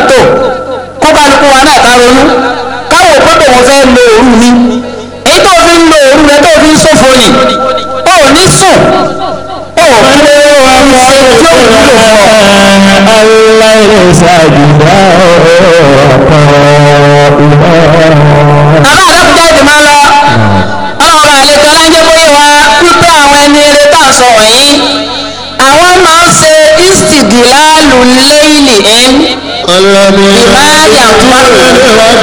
náà tó kó kálukú wa náà ká ronú káwọ òpópó wọn fẹ́ lo òru ni èyí tó fi ń lo òru rẹ tó fi ń ṣòfò yìí ó ní sùn ó fi lè ṣe tí ó wúlò fún ọ. aláìsà ìgbà ọkọ ìgbà. bàbá àdókòjá ìdè máa lọ ọlọ́run àlejò alájẹ́ bóyá wa wípé àwọn ẹni eré tá a sọ wọ̀nyí àwọn máa ń ṣe ìsìgìlálù lẹ́yìn ẹ̀ ìmáyà tó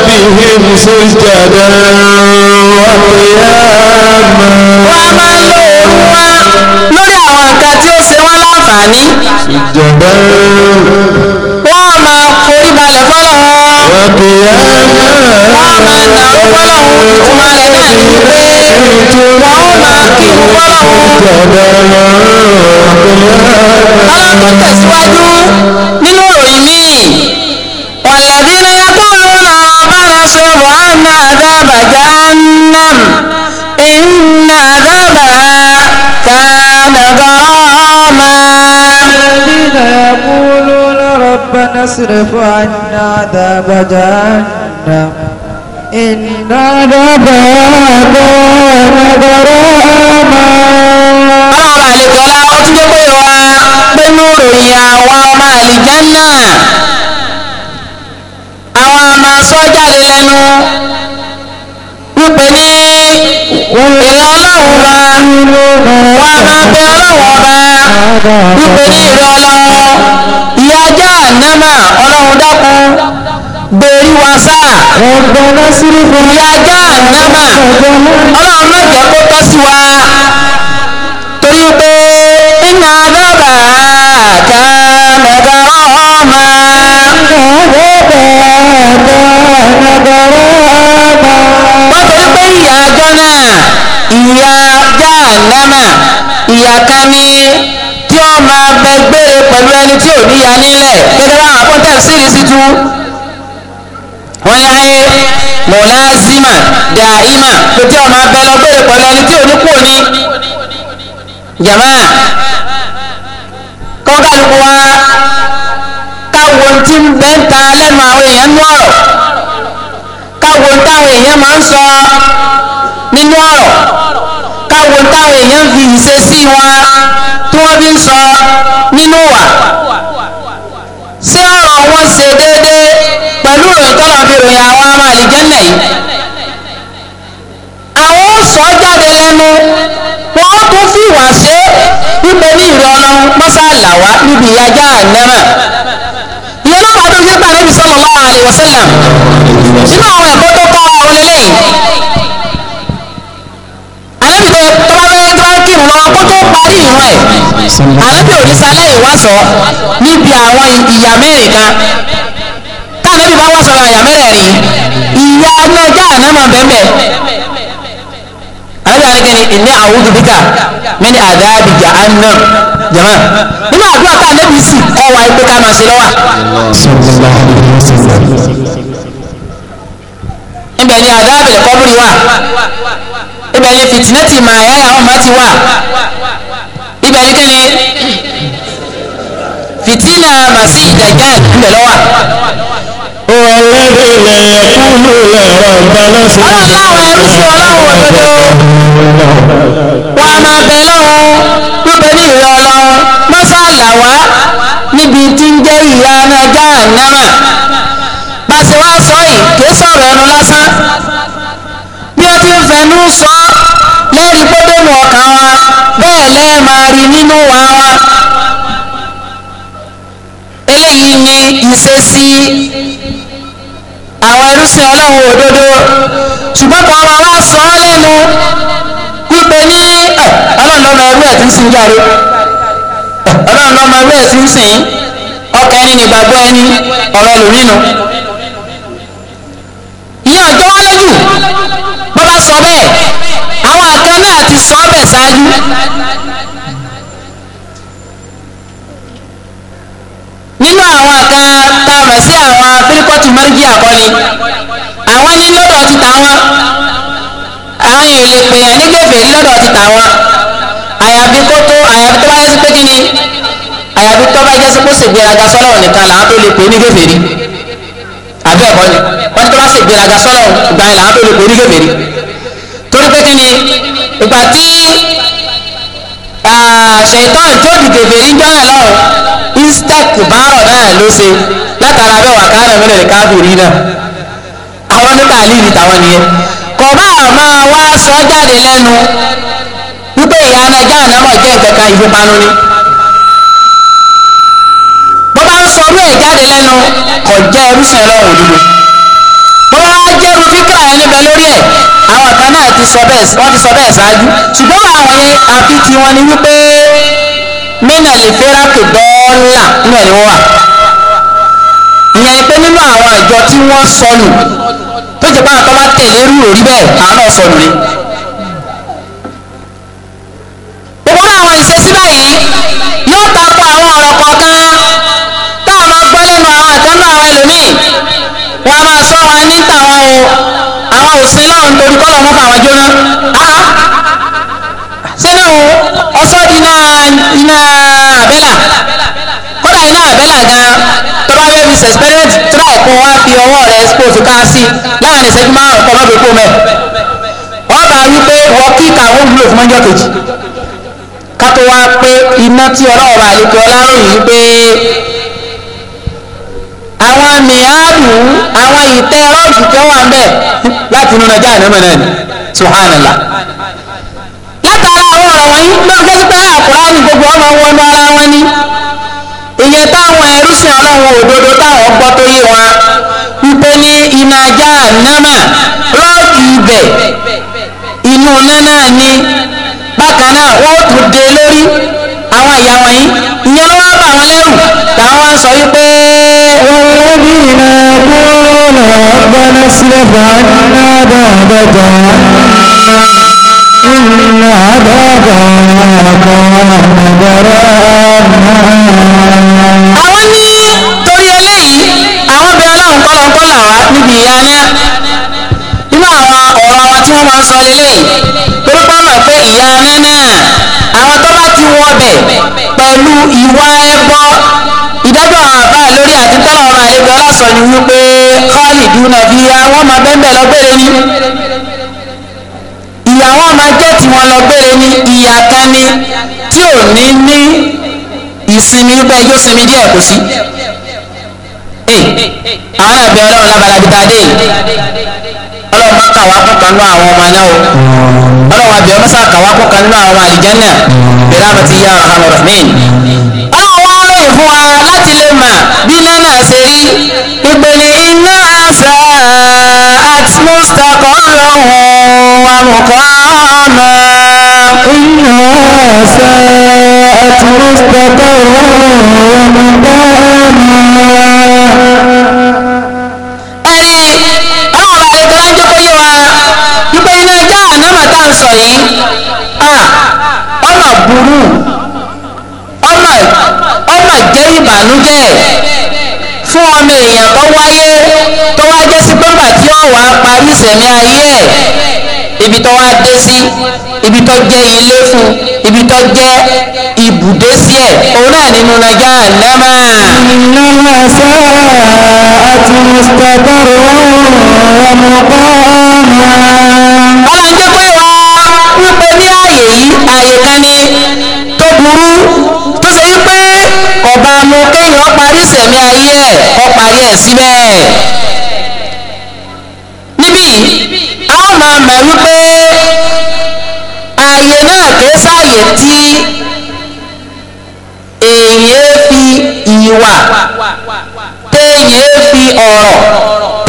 wà bí him sójà dáa wà máa ń lo òru wá lórí àwọn nǹkan tí ó ṣe wọ́n láǹfààní. ìjọba wọ́n máa forí balẹ̀ fọ́lọ́. wà bí yá máa. wọ́n máa ta fọ́lọ́ ìtumọ̀ rẹ̀ náà ni pé wọ́n máa kí fọ́lọ́. ọlọ́run tó tẹ̀síwájú nínú واصرف عنا عذاب جهنم إن عذاب جهنم غراما ọ̀rọ̀ àlejòlá ó tún tó pé wá pẹ̀lú ìròyìn àwọn ọmọ àlìjánà àwọn ọmọ sọ́jáde lẹ́nu wípé ní ìlà ọlọ́run bá wọ́n máa bẹ ọlọ́run ọba wípé ní ìlú ọlọ́run jahannama ọlọ́run dákun gbèrí wa sá. ọ̀gbọ́n sírífù. ìyá jahannama ọlọ́run má jẹ́ kó tọ́ sí wa. torí pé iná dábà ká mẹ́tọ́rọ́ ọmọ. iná dábà ká mẹ́tọ́rọ́ ọmọ. wọ́n torí pé ìyá ajọ́ náà ìyá jahannama ìyá kan ní tí ó máa bẹ gbére pẹ̀lú ẹni tí ò níya nílẹ̀ gẹ́gẹ́ bá àwọn pọ́ńtẹ́ sírí sí tú. wọ́n ní ayé mọ̀lázímà dàímà tó tí ọmọ abẹ́ lọ gbére pẹ̀lú ẹni tí ò ní kúrò ní. jàmá kọ́kàlùkù wa káwo tí ń bẹ́ ń ta lẹ́nu àwọn èèyàn nú ọ̀rọ̀ káwo táwọn èèyàn máa ń sọ nínú ọ̀rọ̀ káwo táwọn èèyàn fi ìṣesí wọn tí wọ́n fi ń sọ nínú wa ṣé ọ̀rọ̀ wọn ṣe déédéé pẹ̀lú ìròyìn tọ́lọ̀ fi ròyìn àwọn ará àlìjẹ́nà yìí àwọn ó sọ jáde lẹ́nu wọn ó tún fi wà wípé ní ìrọ̀ ọlọ́run mọ́sálà wá níbi ìyájà náírà ìyẹn ló bá tó fi níbi sallallahu alaihi wasallam nínú àwọn ẹ̀kọ́ tó kọ́ ọ lélẹ́yìn kó tó parí ìran ẹ̀ ànábì òrìṣà lẹ́yìn níbi àwọn ìyá mẹ́rin kan táànábì bá wá sọ ìyá mẹ́rẹ̀ẹ̀rin ìyá ọlọ́jà ànámọ̀ bẹ́ẹ̀ ànábì àníkẹ́ni ìní àwùjọ bíkà mẹ́ni àdáàbì jà á nà jàmá nínú àdúrà táànábì sì ọwà ipò ká máa ṣe lọ́wà. ibẹ̀ ni àdáàbì lẹ́kọ́ ibẹ̀ ni fìtínẹ́tì máa yá àwọn ọmọ ti wà ibẹ̀ ni kíni fìtínà màsí ìdàjà ìpínlẹ̀ lọ́wà. Wàlẹ́dẹ̀lẹ̀ yẹ̀kúlù lẹ̀rọ ìbálẹ̀ sí. Ọlọ́run láwọn ẹrú sí ọlọ́run òdodo. Wà á máa bẹ̀ lọ́run wípé ní ìrẹ́ ọlọ́run mọ́sálà wá níbi tí ń jẹ́ ìyá anájà ànámà. Bàṣẹ wá sọ yìí kì í sọ̀rọ̀ ẹnu lásán. Bí ó ti ń fẹnu sọ lẹ́rìí gbọ́dọ̀ nù ọkàn wa bẹ́ẹ̀ lẹ́ẹ̀ máa rí nínú wa wa. eléyìí ni sí àwọn ẹrúsìn ọlọ́run òdodo ṣùgbọ́n kan máa wá sọ ọ́ lẹ́nu pípe ní ọlọ́run lọ́mọ ẹrú ẹ̀ tí ń sin jáde ọlọ́run lọ́mọ ẹrú ẹ̀ tí ń sìn ọkàn ẹni nígbàgbọ́ ẹni ọ̀rọ̀ ẹlòmínú. ìyẹn ọjọ́ wálé jù bọ́ bá sọ bẹ́ẹ̀. sọ́ọ̀bẹ̀ ṣáájú. nínú àwọn kan tá a mọ̀ sí àwọn pírípọ́tù mọ́rìjì àkọ́ni àwọn ní lọ́dọ̀ ti tàwọn àwọn yìí lè pè é nígbèfèrí lọ́dọ̀ ti tàwọn àyàfi kó tó àyàfi tó bá yẹ sí pé kí ni àyàfi tó bá yẹ sí pé ó ṣègbéraga sọ́lọ̀ nìkan làwọn tó lè pè é nígbèfèrí àbẹ́ẹ̀kọ́ ni wọ́n ti tó bá ṣègbéraga sọ́lọ̀ gbàyìn làwọn tó lè pè é nígbèfèrí torí pé kí ni ìgbà tí ah, ṣètọ́n tó dìde fèrè ń jọ́nà lọ́rùn instant bárọ̀ náà ló ṣe látara bẹ́ẹ̀ wà káàrọ̀ mílẹ̀ ní káàbùrì náà àwọn nípa àlìlì tàwọn nìyẹn kò bá máa wá sọ jáde lẹ́nu wípé ìyáná jáàná mọ̀ jẹ́ ìkẹ̀kẹ́ ìfipanu ni bó bá ń sọ orú ẹ̀ jáde lẹ́nu kò jẹ́ ẹrú sìn ọlọ́run òdodo bó bá wá jẹ́rú fí àǹfààní ló bẹ lórí ẹ̀ àwọn kan náà ti sọ bẹ́ẹ̀ wọ́n ti sọ bẹ́ẹ̀ ṣáájú ṣùgbọ́n àwọn yẹn àfi tiwọn ni wípé mẹ́nà lè fẹ́ràn kò dọ́ọ́là nínú ẹ̀ ni wọ́n wà ìyẹn ni pé nínú àwọn àjọ tí wọ́n sọnù tó jẹ́ pé àwọn kan bá tẹ̀lé rú òrí bẹ́ẹ̀ àwọn náà sọnù ni. gbogbo àwọn ìṣesí báyìí yóò tako àwọn ọ̀rọ̀ kọ̀ọ̀kan táwọn máa gbọ́ lẹ́nu àwọn àtẹ́nu àwọn ẹlòmíì wọ́n máa sọ wọn ní tàwọn o àwọn òsín náà ń torí kọ́lọ̀ mọ́fà àwọn jóná áá sínú ọsọ iná iná àbẹ́là kódà iná àbẹ́là gan tó bá fẹ́ẹ́ fi suspended try kó wá fi ọwọ́ rẹ̀ expose ká sí láàrin ìṣẹ́jú márùn-ún kọ́ mọ́bìkú mẹ́ wọ́n bá wí pé wọ́n kí kàwọn wúlò fún ọjọ́ kejì ká tó wá pé iná tí ọlọ́run àlejò ọlá ròyìn pé àwọn mìíràn àwọn ìtẹ́ rọ́ọ̀sì tí ó wà ń bẹ̀ láti inú nàjà àná mẹ́rin subhanallah látara àwọn ọ̀rọ̀ wọ̀nyí ló ń gbé pé àkùránì gbogbo ọmọ wọn ní ara wọn ni ìyẹn táwọn ẹrúsìn ọlọ́run òdodo táwọn gbọ́ tó yé wọn wípé ní iná ajá námà rọ́ọ̀kì ibẹ̀ inú náà náà ni bákan náà wọ́n tún dé lórí àwọn ìyá wọn yìí ìyẹn ló wá bá wọn lẹ́rù làwọn wá ń sọ wípé. والذين يقولون ربنا اصرف عنا بعد جهنم إن عذاب كان غراما àwọn ní torí eléyìí àwọn bẹ ọlọ́run kọ́lọ́kọ́lọ́ wá níbi ìyá náà nínú àwọn ọ̀rọ̀ àwọn tí wọ́n máa ń sọ eléyìí torí pọ́nmọ̀ pé ìyá náà náà àwọn tó wọn bẹ̀ pẹ̀lú ìwà ẹbọ ìdájọ́ àwọn àbá lórí àti tọ́lọ̀ ọba àlejò ọlọ́sọ ni wípé kọ́ọ̀lì dúnà bí i àwọn máa bẹ́ẹ̀ bẹ́ẹ̀ lọ́gbẹ̀rẹ̀ ni ìyàwó máa jẹ́ tiwọn lọ́gbẹ̀rẹ̀ ni ìyà kan ni tí ò ní ní ìsinmi wípé ẹjọ́ sinmi díẹ̀ kò sí. àwọn àbẹ̀ ọlọ́run lábalábí tá a dé yìí ọlọ́run má kàwá kún kan nínú àwọn ọmọ náà o ọlọ́run àbí ọmọ sáà kàwá kún nínú àwọn àlìjánà bẹ̀rẹ̀ àmọ́ ti yá ọ̀hánà rahman. ọlọ́run wá lóye fún wa láti lè mà bí iná ṣe rí ìpele iná àṣà àti mustapha ọlọ́run wà mọ̀kọ́ ọ̀nà. iná àṣà àti mustapha ọlọ́run wà yìí ọmọ burú ọmọ ọmọ jẹ́ ìbànújẹ́ fún ọmọ èèyàn tó wáyé tó wá jẹ́ sí pẹ́pà tí ó wàá parí sẹ̀mí ayé ẹ̀ ibi tó wá dé sí ibi tó jẹ́ ilé fún ibi tó jẹ́ ibùdé sí ẹ̀ òun náà nínú nàjà nàmà. ìnáwó ẹ̀sẹ̀ àti mr barrow ọmọ bọ́ọ̀mù. ọlọ́run jẹ́ pé wípé ní ààyè yìí ààyè kan ni tó burú tó ṣe wípé ọba mu kéèyàn parí ìsẹ̀mí ayé ẹ̀ kọ́ parí ẹ̀ síbẹ̀. níbí a ó máa mọ̀ wípé ààyè náà kìí sáàyè tí èèyàn fi ìwà téèyàn fi ọ̀rọ̀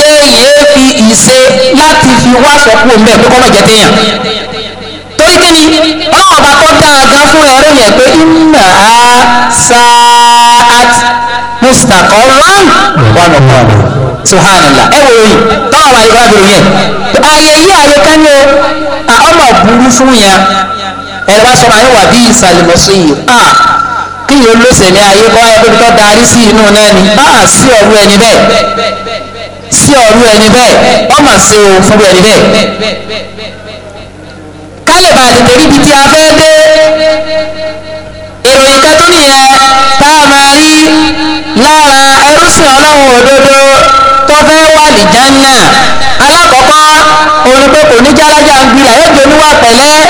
téèyàn fi ìṣe láti fi wá sọ́kù ń bẹ̀ pé kọ́nà jẹ́ téèyàn torí kí ni ọlọ́run ọba tó dáa gan fún ẹrú yẹn pé iná sáà mustaqarran wà lọ́kọ̀ ọ̀rọ̀ subhanallah ẹ wòye báwọn wà ìwà bẹ̀rù yẹn ààyè yí ààyè kan ní o ọmọ burú fún yẹn ẹ̀rọ bá sọ̀rọ̀ àyẹ̀wò àbí ìsàlùmọ̀sọ yìí a kí yóò lóṣè ní ayé kọ́ ẹ bóbi tó darí sí inú náà ni a sí ọ̀rú ẹni bẹ́ẹ̀ sí ọ̀rú ẹni bẹ́ẹ̀ ọmọ sí o fún ẹni bẹ́ẹ̀ ká lè bàa lè torí ibi tí a fẹ́ dé ìròyìn kan tó nìyẹn tá a máa rí lára ẹrúsìn ọlọ́run òdodo tó fẹ́ wà ní jánà alákọ̀ọ́kọ́ òun kò ní jálájà ń gbilà yóò jẹ́ oníwà pẹ̀lẹ́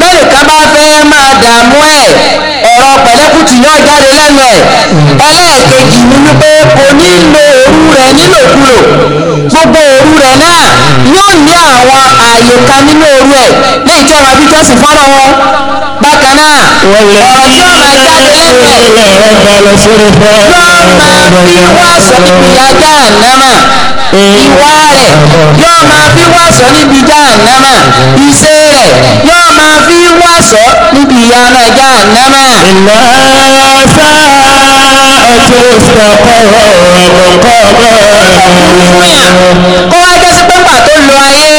bẹ́ẹ̀ nìkan bá fẹ́ máa dààmú ẹ̀ ọ̀rọ̀ pẹ̀lẹ́kùtù náà jáde lẹ́nu ẹ̀ ẹlẹ́ẹ̀kejì ni wípé kò ní lo òru rẹ̀ nílòkulò gbogbo òru rẹ̀ náà yóò ní àwọn àyè kan nínú òru ẹ̀ léyìí tí ọ̀rọ̀ abíjọ́sìn fọ́nà wọn bákan náà ọ̀rọ̀ tí ó máa jáde lẹ́sẹ̀ yóò máa fi wá sọ níbi ajá ànámà ìwà rẹ̀ yóò máa fi wá sọ níbi ajá ànámà ìṣe rẹ̀ yóò máa fi wá sọ níbi ìyá náà ajá ànámà. ìlà sáà ọtí ìsọ̀kọ̀rọ̀ ọ̀rọ̀ kọ̀ọ̀kan. kó wá jẹ́ sí pé pàtó lo ayé.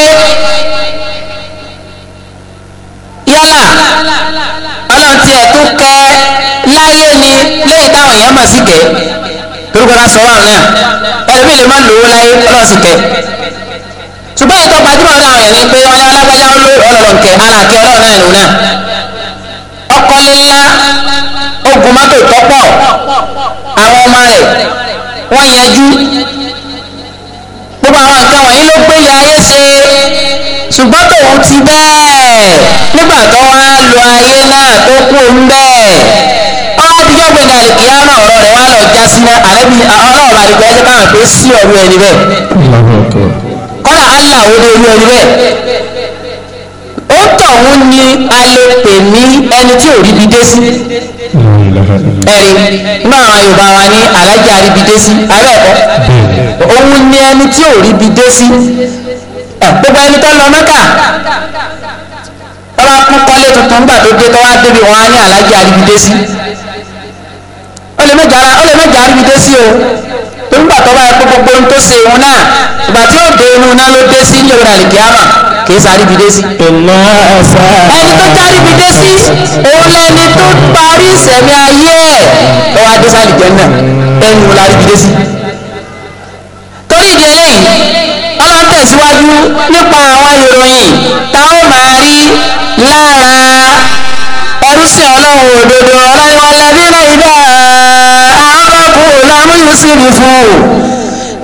tiẹ̀ tó kẹ́ láyé ni lẹ́yìn táwọn èèyàn mọ̀ sí kẹ́ torúkọ náà sọ wàhùn náà ẹlòmíì lè má lówó láyé ọlọ́run sì kẹ́ ṣùgbọ́n ètò gbajúmọ̀ náà yẹn ni pé ọlẹ́ alágbájá ń lo ọlọ́run kẹ́ aláàkẹ́ ọlọ́run náà lòun náà ọkọ̀ lílá ogun mọ́tò tọ́pọ̀ àwọn ọmọ rẹ̀ wọ́n yanjú gbogbo àwọn nǹkan wọ̀nyí ló gbé ilé ayé ṣe ṣùgbọ́n tòun ti bẹ́ẹ̀ nígbà tó wá lo ayé náà tó kú ń bẹ́ẹ̀ ọlọ́wọ́ ti jẹ́ gbẹ̀dẹ̀ àlìkìyà náà ọ̀rọ̀ rẹ̀ wá lọ já sí náà àrẹ́bí ọlọ́wọ́ bá dìgbà ẹ̀jẹ̀ káwọn pé sí ọ̀rọ̀ ẹni bẹ́ẹ̀ kọ́lá allah ò lè rí ẹni bẹ́ẹ̀ ó tọ̀hún ni a lè pè ní ẹni tí ò rí bi dé sí ẹ̀rí náà àwọn yorùbá wa ní alájà rí bi dé sí alẹ́ ẹ̀kọ́ òun ni ẹni tí ò rí bi dé sí gbogbo ẹni tó lọ mẹ́kà bá kún kọ́lé tuntun gbà tó dé tó wá débi wọn á ní alájẹ àríbidé sí ó lè mẹ́jọ ara ó lè mẹ́jọ àríbidé sí o tó ń gbà tó bá yẹ kó gbogbo ohun tó ṣe òun náà ìgbà tí yóò dé inú iná ló dé sí ní ìrọ̀lẹ́ kíámà kì í sáríbidé sí. ẹni tó járíbidé sí òun lẹni tó parí ìsẹ̀mí ayé ẹ̀ tó wá dé sálìjẹ́ náà ẹni wọn láríbidé sí. torí ìdí eléyìí ọlọ́run tẹ̀síwájú nípa àwọn ìròyìn táwọn lára ẹrúsìn ọlọ́run òdodo ọlọ́yìnwá lẹ́bílẹ̀ ìdá àárọ̀kù làmú yusuf fún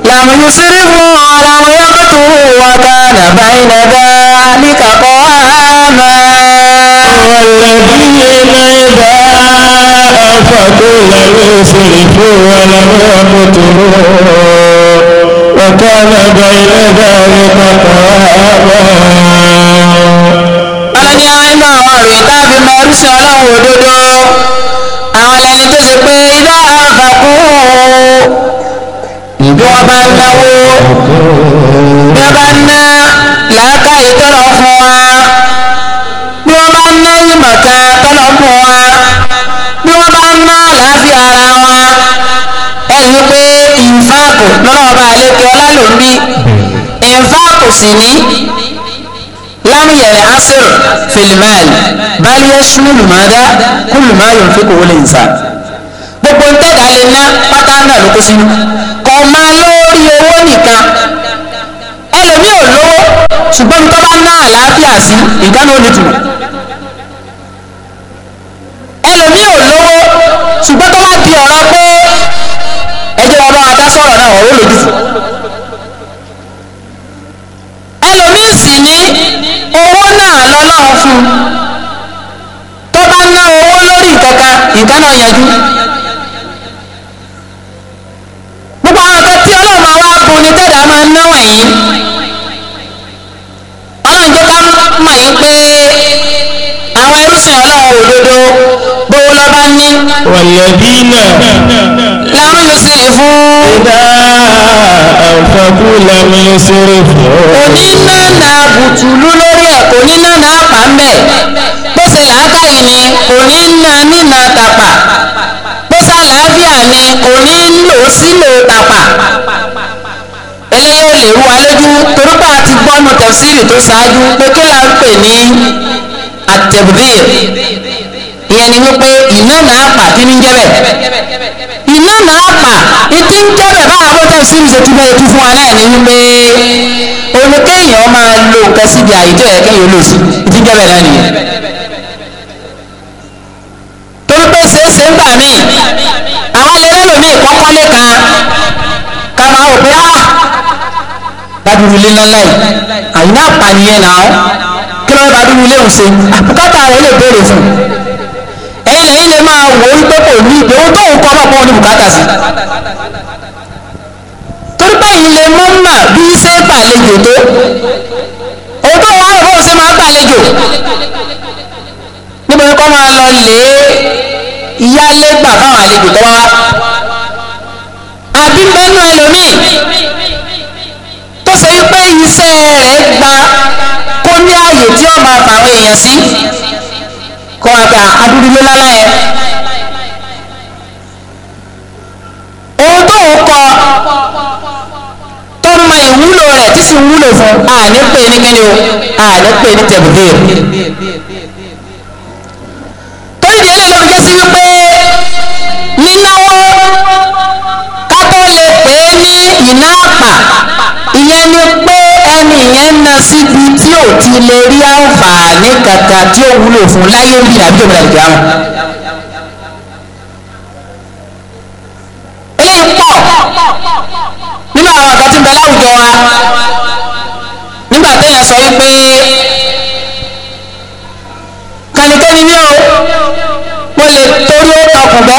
làmú yusuf fún làmú yọkọ̀tù wàkà nàbà ìnàbà àlìkàkọ́ àmà. والذين إذا أنفقوا لم يسرفوا ولم يقتروا وكان بين ذلك قواما sin ọlọ́run òdodo àwọn ẹni tó ṣe pé iná àfàkù bí wọ́n bá ń náwó bí wọ́n bá ń ná làákàyè tọ́lọ̀ fún wa bí wọ́n bá ń ná ìmọ̀ta tọ́lọ̀ fún wa bí wọ́n bá ń ná àlàáfíà ara wa ẹ̀yìn pé ìfáàkù lọ́wọ́ bá àlejò ọlá lòún bí ìfáàkù sì ní. لم ينحصر في المال بل يشمل ماذا كل ما ينفقه الإنسان gbogbo ń tẹ̀dá lè ná pátá náà ló kó sínú kò máa lórí owó nìkan ẹlòmíì ò lówó ṣùgbọ́n tó bá ná àlàáfíà sí ìdáná ó nítumọ̀. náà fún tó bá ná owó lórí ìkankan nǹkan yanjú. gbogbo àwọn kan tí ọlọ́run máa wá bùn ni tẹ́lẹ̀ máa ń náwọ̀ yìí ọlọ́run jẹ́ ká mọ̀ yín pé àwọn ẹrúsìn ọlọ́run òdodo bówó lọ́ bá ní. wàlẹ́bí náà. لم يسرفوا إذا أنفقوا لم يسرفوا قل إننا بطل kò ní nànà àpà ń bẹ̀ bó ṣe làákàyè ni kò ní nà nínà tàpà bó ṣàlàáfíà ni kò ní lò sílò tàpà eléyìí ò lè rú wa lójú torípa àti gbọ́nu tẹ̀síìrì tó ṣáájú pé kí là ń pè ní àtẹ̀bùdíyè ìyẹn ni wípé ìnáná àpà kí ní jẹ́ bẹ́ẹ̀ ìnáàmà àpà ìdí ń jẹ́ bẹ̀rẹ̀ báwọn abọ́tọ̀ sí ìṣètú bẹ́ẹ̀ tú fún wa náà ní wípé òun kéèyàn máa lo nǹkan síbi àyè tó yẹ kéèyàn lò sí ìdí ń jẹ́ bẹ̀rẹ̀ náà nìyẹn. torí pé ṣeéṣe ń gbà míì àwọn lè rẹ́lòmíì kọ́kọ́lé kan ká máa wò pé á ah, bàdúrú ilé ńlá láì àyìnbá pàniyàn náà kí ló ń bàdúrú ilé òun ṣe àbúkátà rẹ̀ lè béèrè fún un ẹ̀yin lẹ́yìn lè máa wò ó pé kò ní ìgbé ohun tóun kọ́ ọlọ́pàá wọn ní bùkátà sí. torí báyìí lè mọ́ mà bí ṣe ń gbàlejò tó ohun tó wà lọ́wọ́ ṣe máa ń gbàlejò níbo ni kọ́ máa lọ lé ìyálé gbà fáwọn àlejò tó wá àbí mẹ́nu ẹlòmíì tó ṣe wípé iṣẹ́ rẹ̀ gba kó ní ààyè tí ó máa fà èèyàn sí kọ́ wa pé àdúgbò lọ́la yẹn. ohun tó ń kọ tó mọ ìwúlò rẹ̀ tí sì ń wúlò fún àní pé ní kíni o àní pé ní tẹ̀bùdé. ti lè rí àǹfààní kankan tí ó wúlò fún láyé ń bí àbí tó gbọdọ̀ kìá mọ́. eléyìí pọ̀ nínú àwọn nǹkan tí ń bẹ láwùjọ wa nígbà téèyàn sọ wípé kànìkànì ni ó mo lè torí ó tọkùn bẹ́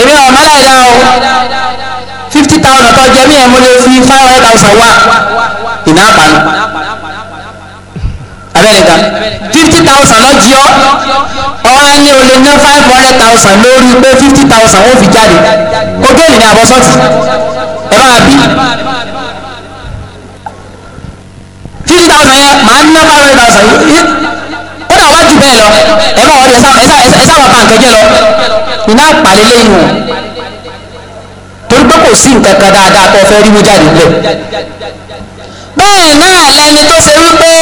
èmi ọ̀rọ̀ mọ́lá ìdá o fifty thousand tó jẹ́ mí ẹ̀ mo lè fi five hundred thousand wá ìná abẹ́rẹ́ fifty thousand lọ jí ọ ọwọ́ o lè ná five hundred thousand lórí pé fifty thousand ó fi jáde ogéèlì ní àbọ̀sọ́tì ẹ bá bí fifty thousand yẹn màá ná five hundred thousand kódà wá jù bẹ́ẹ̀ lọ ẹ bá wọlé ẹ sábà bá nǹkan jẹ lọ iná àpàlẹ́ lẹ́yìn o torí pé kò sí nǹkan kan dáadáa tó fẹ́ rí mú jáde nílẹ̀ bẹ́ẹ̀ náà lẹni tó ṣe wípé.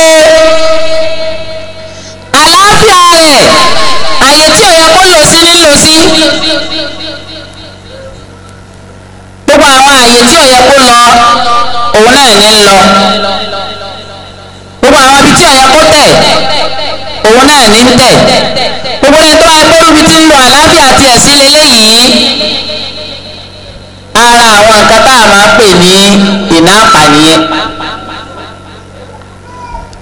yẹ kó lọ òun náà ní lọ gbogbo àwọn ibi tí ọ̀yẹ́ kó tẹ̀ òun náà ní tẹ̀ gbogbo ẹni tó wáá gbórí ibi tí ń lọ àlàáfíà àti ẹ̀sìn lélẹ́yìí ara àwọn nǹkan tá a máa pè ní ìná àpànìyẹn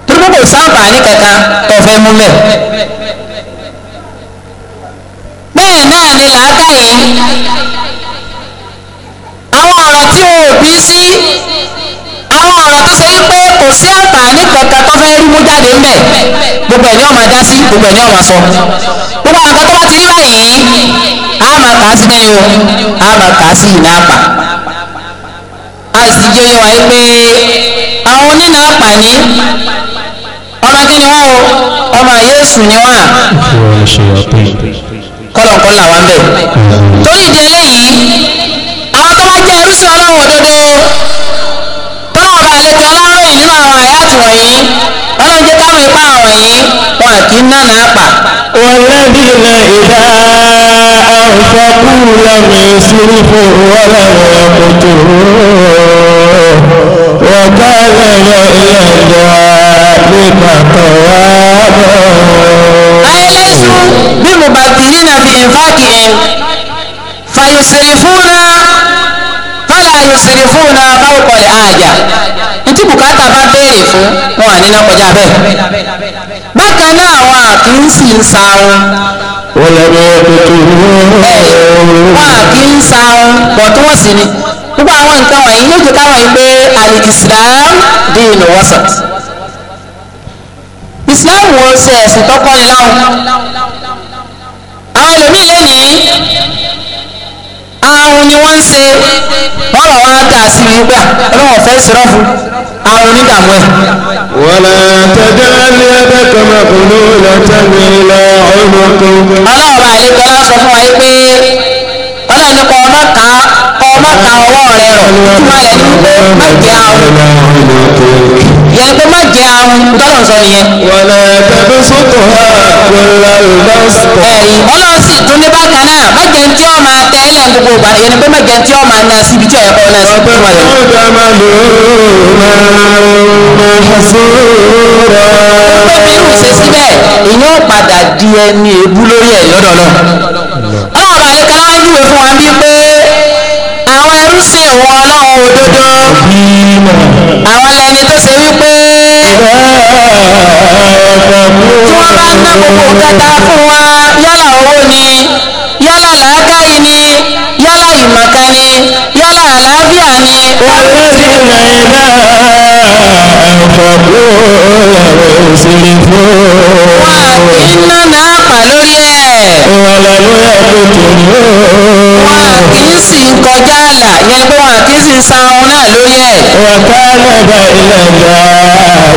torí kò sáǹfààní kankan tó fẹ́ mú mẹ́ bẹ́ẹ̀ náà ni làákàyè. sí àǹfààní kankan tó fẹ́ rí mú jáde ńbẹ̀ gbogbo ẹ̀ ní ọmọ ajá sí gbogbo ẹ̀ ní ọmọ sọ gbogbo àwọn kan tó bá ti rí báyìí a máa kà á sí kẹ́yìn o a máa kà á sí ìná àpà a sì jẹ́ yọ wáyé pé àwọn onínà àpà ní ọmọ kí ni wọ́n o ọmọ Jésù ni wọ́n à kọ́lọ̀kọ́ là wá ń bẹ̀ torí ìdí eléyìí àwọn tó bá jẹ́ ẹrú sí Ọlọ́run òdodo. ọ̀rọ̀ yìí ọlọ́run jẹ́ káwọn ipá ọ̀rọ̀ yìí wọn kì í nánà àpà. والذين إذا أنفقوا لم يسرفوا ولم يقتروا وكان عند ذلك قواما. أي ليسوا بمبذرين في إنفاقهم فيسرفون فلا يسرفون فوق الحاجة ntí bùkátà bá béèrè fún wọn à nínú kọjá bẹ́ẹ̀. bákan náà àwọn àkì ń sì ń sa ohun. wọ́n lè bẹ́ẹ̀ tuntun ní wọn àkì ń sa ohun bọ̀ tí wọ́n sì ní. gbogbo àwọn nǹkan wọ̀nyí ló jẹ́ káwọn pé al-Islam dinu wasat. Islam wo ṣe ẹ̀sìn tọ́kọ́ ni láwọn. àwọn ẹlòmíì lé òun ni wọ́n ń ṣe wọ́n lọ wá sí mi gbà ah, ọlọ́wọ́ fẹ́ sírọ́fù àwọn onídààmú ẹ̀. wọ́lá tẹ̀dá ní ẹgbẹ́ kọ́mọ ló lọ tẹ̀lé lọ ọ̀nà kò. ọlọ́ọ̀bà àlejò ọlá sọ fún wa pé ọlọ́ọ̀ nípa ọmọ ọwọ́ rẹ̀ rọ̀ túmọ̀ rẹ̀ ní pé má jẹ́ àwọn ìyá pé má jẹ àrùn tọ́lọ̀ sọ nìyẹn. wọlé tẹ̀lé sóko ha wọlé lọ́sọ̀. ẹ̀yìn ọlọ́run sì tún ní bákan náà má jẹ tí ó máa gbogbo ìgbà yẹn ni má jẹ tí ó máa síbi tí ọ̀yẹ́kọ́ náà sí fún wa yẹn. ọ̀pẹ̀ máa lò ó máa ṣe rà. ó bí irú ṣe síbẹ̀ ìyẹn ó padà di ẹni èébú lórí ẹ̀ lọ́dọọdọ. ọlọ́run àyíká wájú ìwé fún wa ń sìn wọn ọlọ́run òdodo àwọn lẹni tó ṣe wípé tí wọ́n bá ná gbogbo kẹta fún wa yálà owó ni yálà làákàyè ni yálà ìmọ̀kan ni yálà àlàáfíà ni. olórí náírà fọ̀kú òṣèlú fún. wà á kí nánà pa lórí ẹ̀. wàlálóyà kò tó ní o wọn kì í sì ń kọjá àlà yẹn pé wọn kì í sì ń san ohun náà lórí ẹ̀. ọ̀tá nàbà ilẹ̀ gbà lè bàbá wa lọ.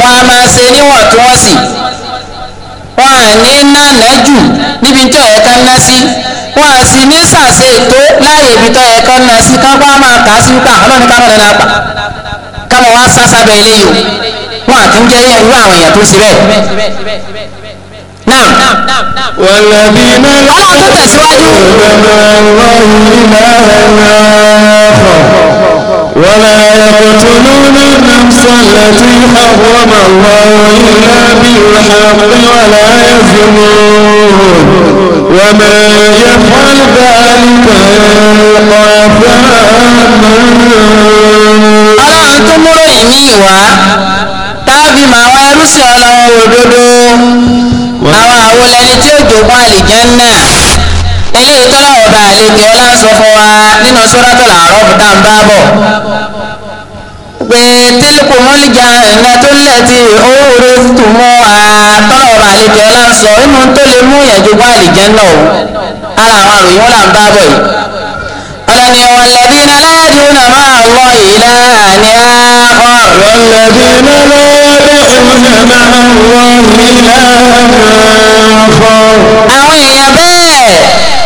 wọn a máa ṣe níwọ̀ntúnwọ̀nsì wọn à ní nànà jù níbi tí ọ̀yẹ́ kan ná sí wọn à sì ní sàṣe ètò láàyè ibi tó ọ̀yẹ́ kan ná sí kápá máa kà á sí wípé àwọn ọlọ́run káwọn náà pa káwọn wá sásábẹ́ ilé yìí wọn àti ń jẹ́ irú àwọn èèyàn tó ṣe bẹ́ẹ̀ náà. wàlàbí náà. ọlọ́run tó tẹ̀síwájú. ìgbàgbọ́ ọlọ́run ìlànà ولا يقتلون النفس التي حرم الله إلا بالحق ولا يزنون ومن يفعل ذلك يلقى ثاما. ọlọ́run tó múrò yìí ní ìwà tábì máa ẹrú sí ọlọ́run òdodo tí ó jogún àlìjánná eléyìí tọ́lọ́wọ́ bá àlejò ọlá fún wa nínú suratul A'raf tá ń bá bọ̀ pé tílùkù mọ́lìjà ẹ̀ńgá tó lẹ́tì òwúrò tó mọ́ àtọ́lọ́wọ́ bá àlejò ọlá inú tó lè mú ìyànjú bá àlìjánná o ara àwọn àròyìn wọn là ń bá bọ̀ yìí ọlọ́ni wàlẹ́dínà láàdúnà máa lọ ìlà ní àkọ́. wàlẹ́dínà láàdúnà máa lọ ìlà àkọ́. àwọn èèyàn bẹ́ẹ̀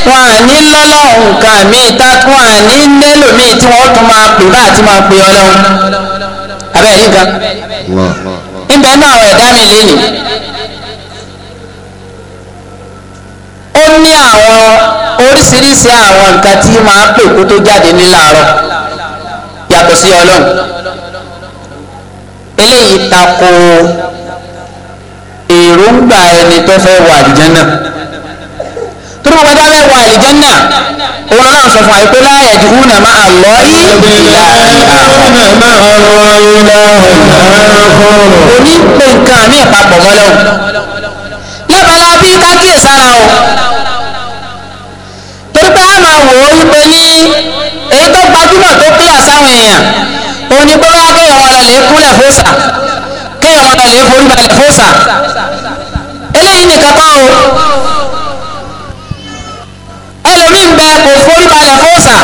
wọn à ní lọ́lọ́ nǹkan míì tá wọn à ní nílò míì tí wọ́n tún máa pè bá àti máa pè ọlọ́run abẹ́rẹ́ nǹkan. ń bẹ́ẹ̀ náà ẹ̀dá mi lé nìí. ó ní àwọn oríṣiríṣi àwọn nǹkan tí máa ń pè kó tó jáde níláàárọ̀ yàtọ̀ sí ọlọ́run eléyìí tako èròǹgbà ẹni tó fẹ́ wà àlìjánà tó bá wọlé fẹ́ wà àlìjánà òun náà sọ fún wa pé láyà ju húnà máa lọ yìí ìlà ìlà òní pé nǹkan àmì ìpapọ̀ mọ́lẹ́wọ̀n la bí kákíyè sára o torí pé a máa wò ó wípé ní èyí tó gbajúmọ̀ tó kílà sáwọn èèyàn òun ni pé wọ́n á kéèyàn wọn lọlé kúnlẹ̀ fóòsà kéèyàn wọn lọlé forí balẹ̀ fóòsà eléyìí nìkan kọ́ o ẹlòmíín bẹ kò forí balẹ̀ fóòsà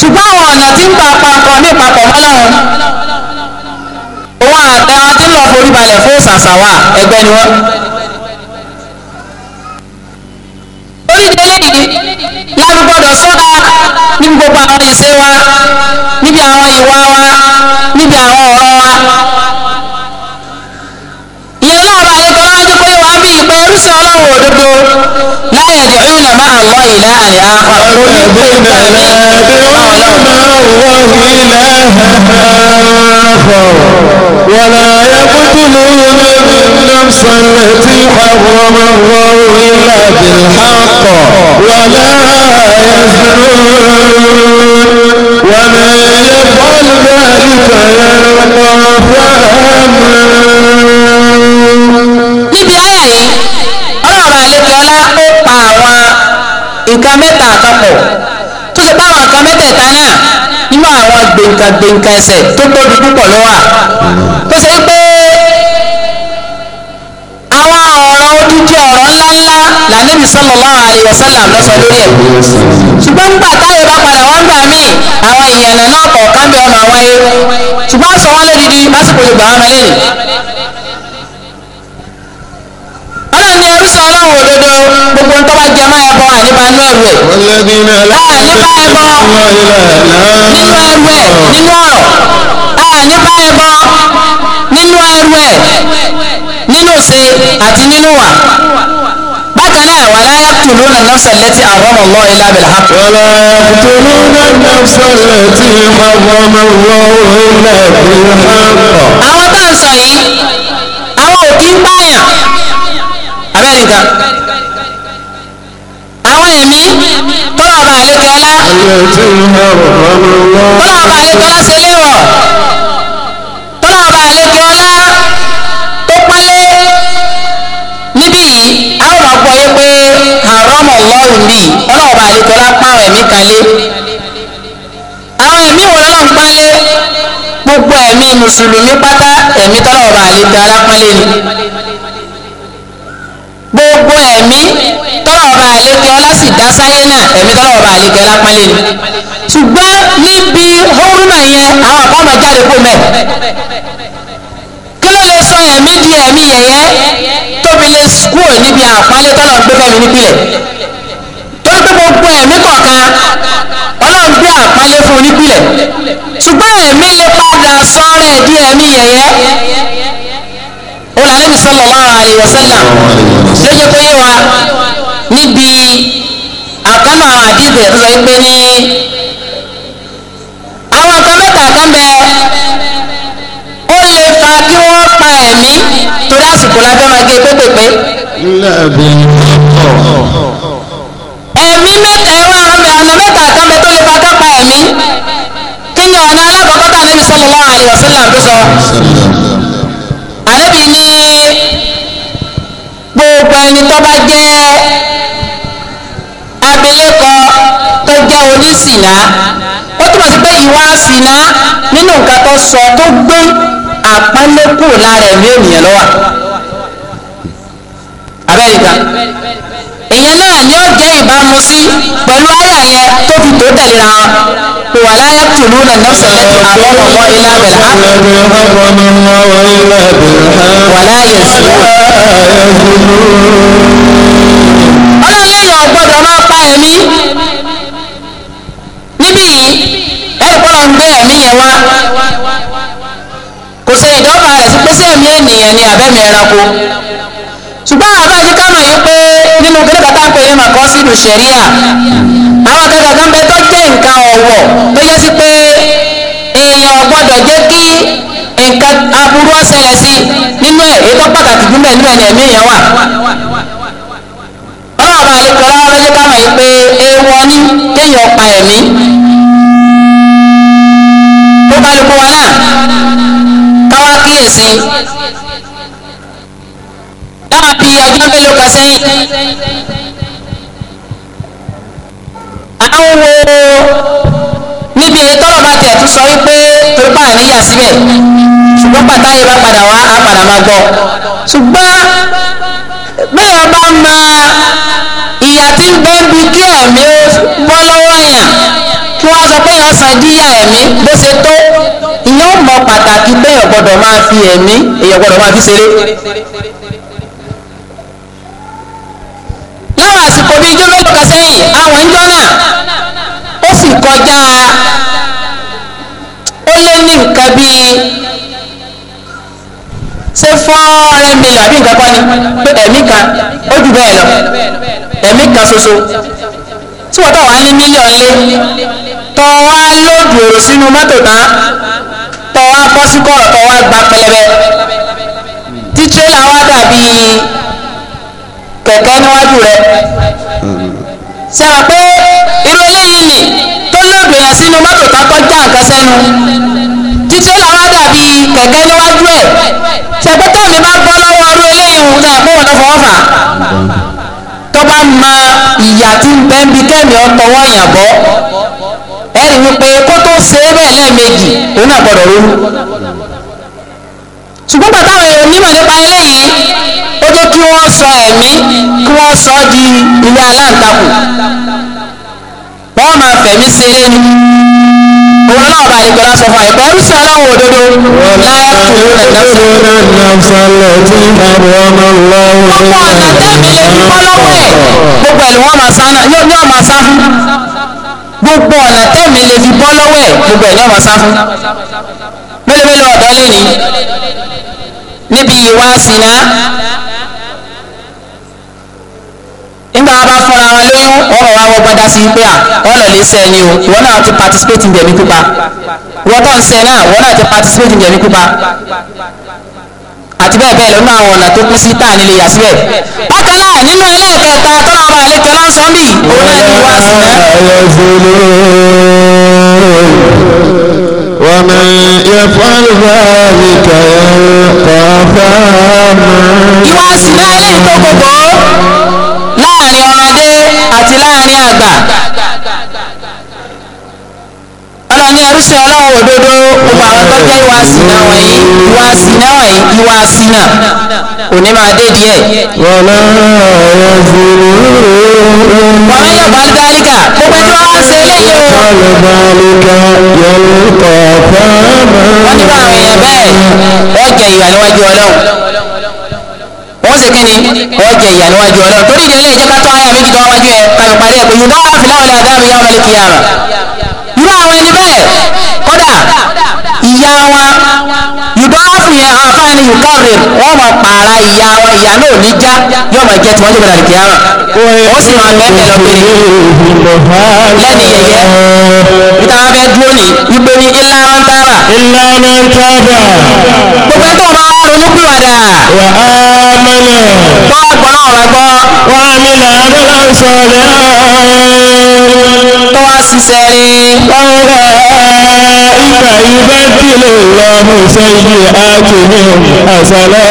ṣùgbọ́n àwọn ọ̀nà tí ń pa papọ̀ ní papọ̀ mọ́lọ́run òun àtẹ̀wọ́n ti ń lọ forí balẹ̀ fóòsà sàwà ẹgbẹ́ ni wọ́n. gbọ́dọ̀ sọ́ra níbi gbogbo àwọn ìṣe wa níbi àwọn ìwà wa níbi àwọn ọ̀rọ̀ wa. ìyẹn náà bá yẹ kọ́ lájú pé wàá bí ìpè oríṣi ọlọ́run òdodo. يدعون مع الله إلها آخر والذين لا يدعون مع الله إله آخر ولا يقتلون النفس التي حرم الله إلا بالحق ولا يزنون ومن يفعل ذلك يلقى فأمنا nǹkan mẹ́ta àpapọ̀ tó ṣe báwọn nǹkan mẹ́tẹ̀ẹ̀ta náà nínú àwọn gbẹ̀ǹkan gbẹ̀ǹkan ẹsẹ̀ tó tóbi púpọ̀ ló wà tó ṣe pé àwọn ọ̀rọ̀ odidi ọ̀rọ̀ ńláńlá lànàbì sallallahu alaihi wasallam lọ́sọ lórí ẹ̀ ṣùgbọ́n nígbà táyé bá padà wọ́n gbà mí àwọn ìyànà náà kọ̀ọ̀kan bí ọmọ wáyé ṣùgbọ́n sọ wọ́n lódìdí lásìkò lè gbà wọ́n mẹ́lẹ́yìn ọlọ́run ni ẹrú sọ ọlọ́run òdodo ẹ̀wẹ̀ àní máa bọ nínú ẹ̀wẹ̀ nínú ọ̀rọ̀ àní ah, bá ẹbọ nínú ẹ̀wẹ̀ nínú ṣe àti nínú wà bákan náà wà láyà tùlù nà nọ́ọ̀sì lẹ́tì àrọ́mọ̀ lọ́ ilá bẹ̀rẹ̀ ha. wàlá tùlù nà nọ́ọ̀sì lẹ́tì àrọ́mọ̀ lọ́ ilá bẹ̀rẹ̀ ha. àwọn tá ń sọ yìí àwọn ò kí ń báyà abẹ́rẹ́ nǹkan ẹ̀mí tọ́lọ̀ ọba àlejò ọlá tọ́lọ̀ ọba àlejò ọlá ṣe léwọ̀ tọ́lọ̀ ọba àlejò ọlá tó pálé níbí yìí a ó máa gbọ́ yé pé haram ọlọ́run bì tọ́lọ̀ ọba àlejò ọlá pààrọ̀ ẹ̀mí kan lé àwọn ẹ̀mí wo lọ́run pálé gbogbo ẹ̀mí mùsùlùmí pátá ẹ̀mí tọ́lọ̀ ọba àlejò pálé ni gbogbo ẹ̀mí àlejò ọlá dá sáyé náà ẹ̀mí tọ́lọ́wọ́ bá àlejò ọlá ni ṣùgbọ́n níbi hóòrùmọ̀ yẹn àwọn àbá jáde kó mẹ́ kí ló lè sọ ẹ̀mí di ẹ̀mí yẹ̀yẹ́ tóbi lè kúrò níbi àpálẹ́ tọ́lọ́ gbé fẹ́mi nípìnlẹ̀ torí pé gbogbo ẹ̀mí kọ̀ọ̀kan ọlọ́run gbé àpálẹ́ fún nípìnlẹ̀ ṣùgbọ́n ẹ̀mí lè padà sọ́ọ́rẹ́ di ẹ̀mí yẹ̀yẹ́ olùhàlẹ́bí sallallahu alaihi wasallam níbi àkànnà àwọn àdìsí ẹ̀ tó sọ pé ní àwọn nǹkan mẹ́ta kan bẹ ó lè fa kí wọ́n pa ẹ̀mí torí àsìkò la fẹ́ máa gé pépèpé. ẹ̀mí mẹ́ta ẹ̀ wá ọ̀nà ọ̀nà mẹ́ta kan bẹ tó lè fa ká pa ẹ̀mí kí ni ọ̀nà alákọ̀ọ́kọ́ tá a Nábì sallallahu alaihi wasallam tó sọ. Ànábì ní gbogbo ẹni tó bá jẹ́ abilékọ tó jẹ́ onísìnà ó túmọ̀ sí pé ìwà àsìnà nínú nǹkan tó sọ tó gbé àpọ́nlé kúrò lára ẹ̀mí ènìyàn lọ́wọ́ abẹ́rẹ́ta ìyẹn náà ni ó jẹ́ ìbámu sí pẹ̀lú àyà yẹn tó fi tó tẹ̀léra wọn wà láyà tòlú náà nọ́ọ̀sì lẹ́tì àbọ̀mọ̀mọ́ ilá abẹ̀lá wà láyà sí ọlọ́run lẹ́yìn ọ̀gbọ́dọ̀ máa pa ẹ̀mí níbí yìí ẹ̀rù pọ́lọ̀ ń gbé ẹ̀mí yẹn wá kò ṣe ìdọ́gba rẹ̀ sí pé ẹ̀mí ènìyàn ni àbẹ́mi ẹranko ṣùgbọ́n àwọn àbájú ká mọ̀ yìí pé nínú kílódé tá à ń pè ní màkọ́ sínú ṣẹ̀ríà àwọn akẹ́kọ̀ọ́ kan bẹ tó jẹ́ nǹkan ọ̀wọ̀ tó yẹ sí pé èèyàn gbọ́dọ̀ jẹ́ kí nǹkan aburú ó ṣẹlẹ̀ sí nínú ẹ̀ ọlọ́ọ̀bá ìkọlá lọ́jọ́ bá mọ̀ pé èèwọ̀ ni kéèyàn pa ẹ̀mí tó kálukú wa náà káwá kíyèsí dáhà bí ọjọ́ mélòó kan sẹ́yìn àwọn wo níbi tọ́lọ̀ bá tẹ̀ tún sọ wípé torípa àníyà síbẹ̀ ṣùgbọ́n pàtàkì bá padà wá á padà máa gbọ́ ṣùgbọ́n bẹ́ẹ̀ bá ma ìyà tí ń bẹ́ bí kí ẹ̀mí bọ́ lọ́wọ́ yàn kí wọ́n sọ pé yàn san díyà ẹ̀mí bó ṣe tó ìyàn mọ pàtàkì bẹ́ẹ̀ gbọ́dọ̀ máa fi ẹ̀mí èèyàn gbọ́dọ̀ máa fi ṣeré. láwọn àsìkò bíi ijó mélòó kan àwọn ń jọ́nà ó sì kọjá ó lé ní nǹkan bíi ṣé fún ń dilẹ̀ àbí nǹkan kan ni pé ẹ̀mí kan ó jù bẹ́ẹ̀ lọ ẹ̀mí kan ṣoṣo tí wọ́n tọ̀ wá ní mílíọ̀n lé tọ́ wá lóòdù èrò sínú mọ́tò tán tọ́ wá bọ́ sí kọ̀rọ̀ tọ́ wá gba pẹlẹbẹ tí tírélà wá dàbí kẹ̀kẹ́ níwájú rẹ̀ sẹ́wọ̀n pé irú eléyìí nì tó lóòdù èèyàn sínú mọ́tò tán kọjá nǹkan sẹ́nu tí tírélà wá dàbí kẹ̀kẹ́ níwájú ẹ̀. ìyà tí ń bẹ́ ń bi kẹ́mi ọ̀tọ̀wọ́ yàn bọ́ ẹ rí wípé kó tó ṣe é bẹ́ẹ̀ lẹ́ẹ̀mejì òun náà gbọ́dọ̀ ronú ṣùgbọ́n bàtà àwọn èèyàn onímọ̀ nípa eléyìí ó jẹ́ kí wọ́n sọ ẹ̀mí kí wọ́n sọ di ilé aláǹtakùn máa fẹ̀mí ṣeré ni òun náà bá lè gbọ́dọ̀ sọ fún àyẹ̀kọ́ ẹrú sí ọlọ́run òdodo láyà kúrò nàìjíríà. ọkọ ọ̀nà tẹ́mi lè fi kọ́ lọ́wọ́ ẹ̀ gbogbo ẹ̀ ni wọ́n máa sá náà yóò ní ọ̀ma sá fún gbogbo ọ̀nà tẹ́mi lè fi bọ́ lọ́wọ́ ẹ̀ gbogbo ẹ̀ ni ọ̀ma sá fún mélòó mélòó ọ̀dọ́ lé ní níbi ìwà sínà nígbà wọn bá fúnra wọn lóyún wọn bá wọ gbọdá sí pé à wọn lè sẹ ni o wọn náà ti participate in pípa wọn tó ń sẹ náà wọn náà ti participate in pípa àti bẹ́ẹ̀ bẹ́ẹ̀ lọ́nà àwọn ọ̀nà tó kún sí tá nílé yà síbẹ̀. bákan náà nínú ẹlẹ́ẹ̀kẹta tọ́lá ọba àlejò lọ́sàn-án bì òun náà ni wọ́n ìwà sinmi ẹlẹ́yìn tó gbogbo láàrin ọmọdé àti láàrin àgbà ọlọ́ni ẹrúsìn ọlọ́run òdodo gbogbo àwọn tó jẹ́ ìwà àsìnà wọ̀nyí ìwà àsìnà wọ̀nyí ìwà àsìnà òní máa dé díẹ̀. wọ́n yóò bá dáríkà gbogbo tí wọ́n ṣe eléyìí o. wọ́n ní bá àwọn èèyàn bẹ́ẹ̀ wọ́n jẹ ìyà níwájú ọlọ́run wọ́n ṣe kíni wọ́n jẹ ìyà níwájú ọlọ́run torí ìdílé ìjẹ́ká tó ayà méjì tó wá wájú ẹ kàmì parí ẹ pé yorùbá wà fi láwọn ẹ̀dá mi yá ọmọ lẹ́kìá rà irú àwọn ẹni bẹ́ẹ̀ kódà ìyá wa yorùbá wà fi hàn fáwọn ẹni yòókàrè wọ́n máa pààrà ìyá wa ìyá náà ní já yóò máa jẹ́ tí wọ́n jẹ́ bẹ̀rẹ̀ lẹ́kìá ó sì máa bẹ́ẹ̀ bẹ́ẹ̀ lọ bẹ́ẹ̀ lẹ́nu yẹyẹ níta wá fẹ́ dúró ní wípé ní ilá máa ń tábà. ilá máa ń tábà. gbogbo ẹ̀tọ́ máa ń ronú pìwàdà. wà á mẹ́lẹ̀. gbọ́ àgbọ̀n náà wà gbọ́. wà á mi là á bẹ́ẹ̀ ń sọ̀rọ̀ tó wá ṣiṣẹ́ rí. ọ̀rọ̀ ìgbà yìí bá dìlò lọ́mú sẹ́yìn àkìní àṣàlẹ̀.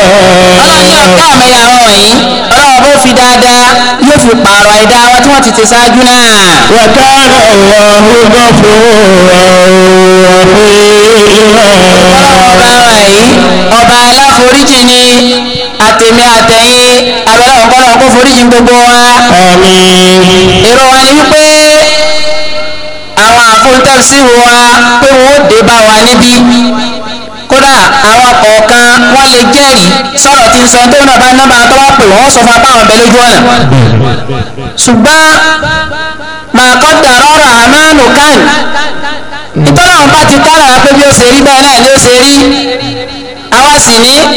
ọlọ́run ní ọ̀gá àmì àwọn yìí ọba fi dáadáa yóò fi pààrọ̀ ẹ̀dá wa tí wọ́n ti ti ṣáájú náà. wàtá ọ̀rọ̀ ọ̀gbọ́n fún ọ̀rọ̀ ọba aláforíjì ni àtẹ̀mí àtẹ̀yìn abẹ́rẹ́ ọ̀kọ́lọ́ ọkọ̀ foríjì gbogbo wa. èrò wa ni wípé àwọn àfúntẹ́sí wa pé wọ́n ó dé bá wa níbí kódà àwọn kọ̀ọ̀kan wọ́n lè jẹ́rìí sọ̀rọ̀ tí ń sọ tó náà bá nọ́mbà tó wá pè wọ́n sọ fún apá àwọn bẹ̀lẹ́ ojú ọ̀nà ṣùgbọ́n màkọ́ dàrọ́rọ̀ àmánù kàn nítorí àwọn bá ti kára pé bí ó ṣe rí bẹ́ẹ̀ náà ló ṣe rí àwa sì ní gẹ́gẹ́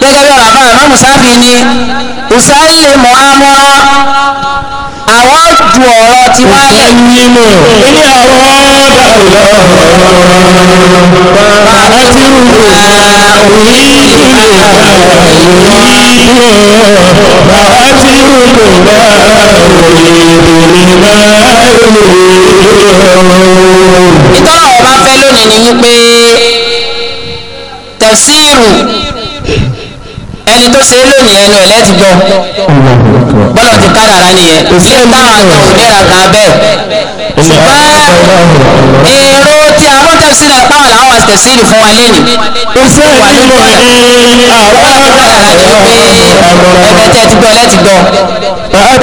bí ọ̀rọ̀ àbá àmọ́ mùsáfì ni ìsáìlè mọ́ àmúra àwọn ju ọ̀rọ̀ ti wá lẹ̀. ìtẹ́yìnmọ̀ ilé àwọn dàgbà bàbá tí ń lò òyì ilé òyì bàbá tí ń lò bá òyì òyì bá òyì. ìtọ́lọ̀ ọba fẹ́ lónìí ni wípé tẹ̀síìrù ẹni tó ṣe é lónìí ẹnu ẹ̀ lẹ́ti gbọ́ bọ́lá ti kádàrá nìyẹn ilé táwọn àjọ òmìnira kan bẹ́ẹ̀ ṣùgbọ́n èrò tí àwọn tẹ̀síìrì àpáwọn làwọn àti tẹ̀síìrì fún wa lẹ́nu ó fẹ́ wà nínú ọ̀la bọ́lá ti kádàrá ni pé ẹgbẹ́ tẹ́ ti gbọ́ lẹ́ti gbọ́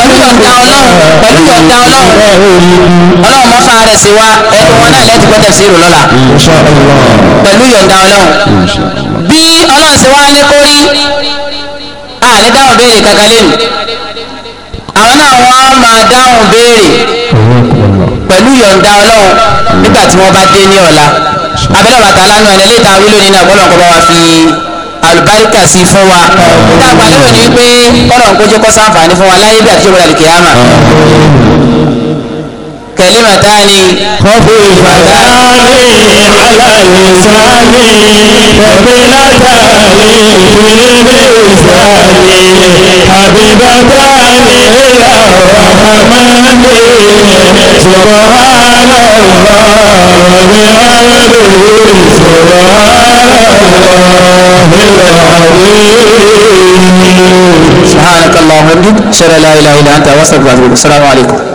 pẹ̀lú yọ̀ǹda ọlọ́run pẹ̀lú yọ̀ǹda ọlọ́run ọlọ́run mọ́fà rẹ̀ sí wa ẹnu wọn náà lẹ́ti gbọ́ tẹ̀síìrì lọ́la pẹ̀lú yọ̀ǹda ọlọ́run bí ọlọ́run ṣe wá ní kórí ní dáhùn béèrè kankan lẹ́nu àwọn náà wọ́n á máa dáhùn béèrè pẹ̀lú yọ̀ǹda ọlọ́run nígbà tí wọ́n bá dé ní ọ̀la abẹ́rẹ́ bàtà lánàá ẹni lẹ́ta wílò nínú àgbọ̀lọ̀ kọ́ bá wa fi àlùbáríkà sí fún wa dáàbà lérò ní pé ọ̀rọ̀ nǹkan jẹ́ kọ́ sáǹfààní fún wa láyé bí àtijọ́ wọlé àlùkìyàmà. كلمة تاني خفيفة تاني على لساني ثقيلتان في حبيبة تاني الى الرحمن سبحان الله بحمده سبحان الله العظيم سبحانك اللهم وبحمدك اشهد ان لا اله الا انت واستغفرك السلام عليكم